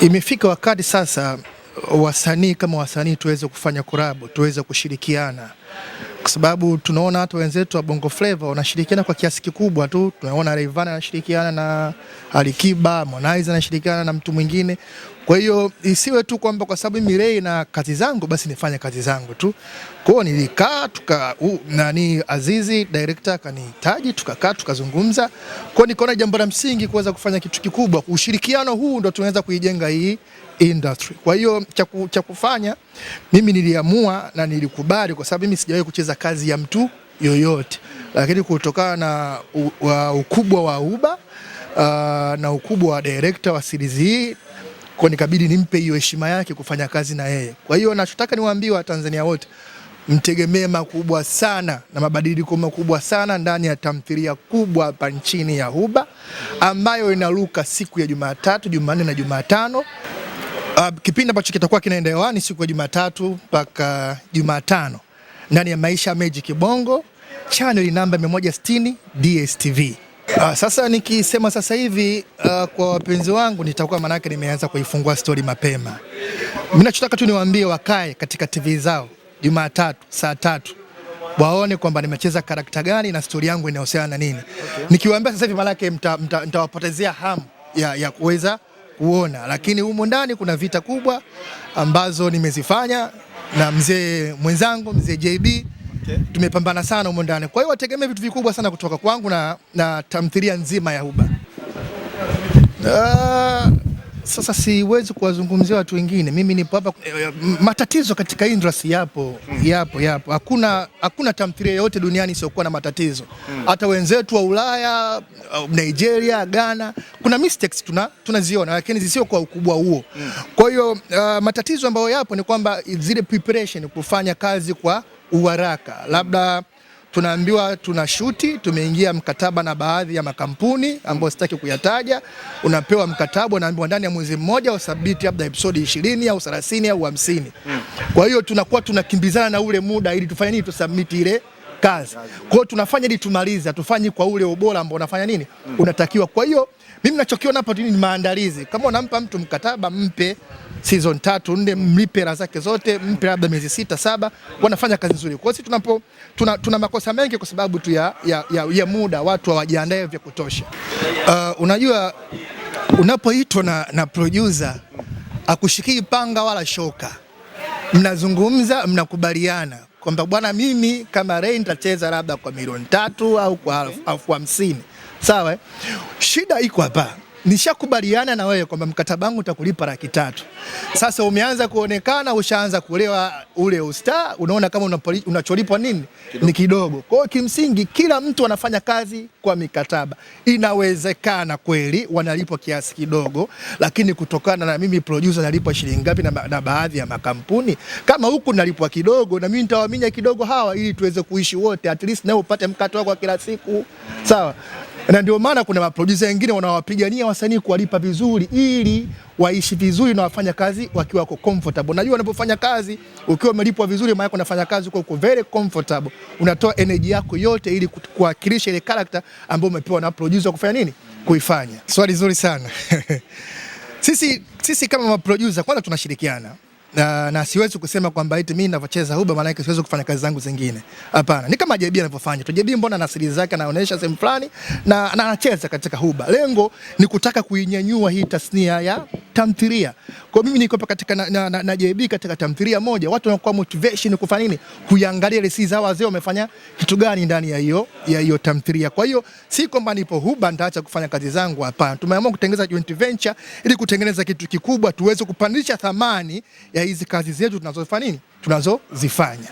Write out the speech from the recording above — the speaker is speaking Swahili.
Imefika wakati sasa wasanii kama wasanii tuweze kufanya kurabu tuweze kushirikiana kwa sababu tunaona hata wenzetu wa Bongo Flava wanashirikiana kwa kiasi kikubwa tu. Tunaona Rayvanny anashirikiana na Alikiba, Harmonize anashirikiana na mtu mwingine. Kwa hiyo isiwe tu kwamba kwa sababu mimi Ray na kazi zangu basi nifanye kazi zangu tu. Kwa hiyo nilikaa tuka uh, nani Azizi director akanihitaji, tukakaa tukazungumza. Kwa hiyo nikaona jambo la msingi kuweza kufanya kitu kikubwa. Ushirikiano huu ndo tunaweza kuijenga hii industry. Kwa hiyo cha kufanya mimi niliamua na nilikubali kwa sababu mimi sijawahi kucheza kazi ya mtu yoyote, lakini kutokana na ukubwa wa Uba uh, na ukubwa wa director wa series hii kwa nikabidi nimpe hiyo heshima yake kufanya kazi na yeye. Kwa hiyo nachotaka niwaambie Watanzania wote mtegemee makubwa sana na mabadiliko makubwa sana ndani ya tamthilia kubwa hapa nchini ya Huba ambayo inaruka siku ya Jumatatu, Jumanne na Jumatano. Uh, kipindi ambacho kitakuwa kinaenda hewani siku ya Jumatatu mpaka Jumatano ndani ya Maisha Magic Bongo, channel namba 160 DSTV. Uh, sasa nikisema sasa hivi uh, kwa wapenzi wangu nitakuwa manake nimeanza kuifungua story mapema. Mimi nachotaka tu niwaambie wakae katika TV zao Jumatatu saa tatu waone kwamba nimecheza karakta gani na story yangu inahusiana na nini. Okay. Nikiwaambia sasa hivi manake mtawapotezea hamu ya, ya kuweza kuona, lakini humo ndani kuna vita kubwa ambazo nimezifanya na mzee mwenzangu mzee JB okay. Tumepambana sana humo ndani, kwa hiyo wategemee vitu vikubwa sana kutoka kwangu na, na tamthilia nzima ya Huba uh, sasa siwezi kuwazungumzia watu wengine, mimi nipo hapa. Eh, eh, matatizo katika Indrasi yapo, hmm. yapo yapo. Hakuna hakuna tamthilia yoyote duniani isiyokuwa na matatizo hmm. hata wenzetu wa Ulaya, uh, Nigeria, Ghana, kuna mistakes tuna tunaziona, lakini zisio kwa ukubwa huo mm. kwa hiyo uh, matatizo ambayo yapo ni kwamba zile preparation, kufanya kazi kwa uharaka labda tunaambiwa tuna shuti, tumeingia mkataba na baadhi ya makampuni ambayo sitaki kuyataja. Unapewa mkataba, unaambiwa ndani ya mwezi mmoja usabiti labda episode 20 au 30 au 50. Hmm. Kwa hiyo tunakuwa tunakimbizana na ule muda ili tufanye nini, tusubmit ile kazi. Kwa hiyo tunafanya ili tumalize, hatufanyi kwa ule ubora ambao unafanya nini unatakiwa. Kwa hiyo mimi ninachokiona hapa ni maandalizi. Kama unampa mtu mkataba, mpe season tatu nne, mlipe hela zake zote, mpe labda miezi sita saba, wanafanya kazi nzuri. Kwa hiyo sisi tunapo tuna, tuna makosa mengi kwa sababu tu ya, ya, ya, ya muda, watu hawajiandae vya kutosha. Uh, unajua unapoitwa na, na producer akushikii panga wala shoka, mnazungumza mnakubaliana kwamba bwana, mimi kama Rei nitacheza labda kwa milioni tatu au kwa elfu hamsini. Sawa, eh? shida iko hapa nishakubaliana na wewe kwamba mkataba wangu utakulipa laki tatu. Sasa umeanza kuonekana, ushaanza kulewa ule usta, unaona kama unacholipwa nini ni kidogo. Kwa hiyo kimsingi, kila mtu anafanya kazi kwa mikataba. Inawezekana kweli wanalipwa kiasi kidogo, lakini kutokana na mimi producer nalipwa shilingi ngapi na, na baadhi ya makampuni kama huku nalipwa kidogo, na mimi nitawaminya kidogo hawa, ili tuweze kuishi wote, at least nao upate mkato wako kila siku, sawa na ndio maana kuna maproducer wengine wanawapigania wasanii kuwalipa vizuri ili waishi vizuri na wafanya kazi wakiwa wako comfortable. Najua unapofanya kazi ukiwa umelipwa vizuri, maana unafanya kazi kwa uko very comfortable, unatoa energy yako yote ili kuwakilisha ile character ambayo umepewa na producer kufanya nini, kuifanya. Swali zuri sana. Sisi, sisi kama maproducer kwanza tunashirikiana na, na siwezi kusema kwamba eti mimi ninavyocheza huba maana yake siwezi kufanya kazi zangu zingine. Hapana, ni kama JB anavyofanya tu. JB mbona na siri zake anaonyesha sehemu fulani na anacheza katika huba, lengo ni kutaka kuinyanyua hii tasnia ya tamthilia. Kwa mimi niko katika na, na, na, na JB katika tamthilia moja, watu wanakuwa motivation kufanya nini? Kuiangalia ile si wazee wamefanya kitu gani ndani ya hiyo ya hiyo tamthilia. Kwa hiyo si kwamba nipo huba nitaacha kufanya kazi zangu, hapana. Tumeamua kutengeneza joint venture ili kutengeneza kitu kikubwa, tuweze kupandisha thamani ya hizi kazi zetu tunazofanya nini tunazozifanya.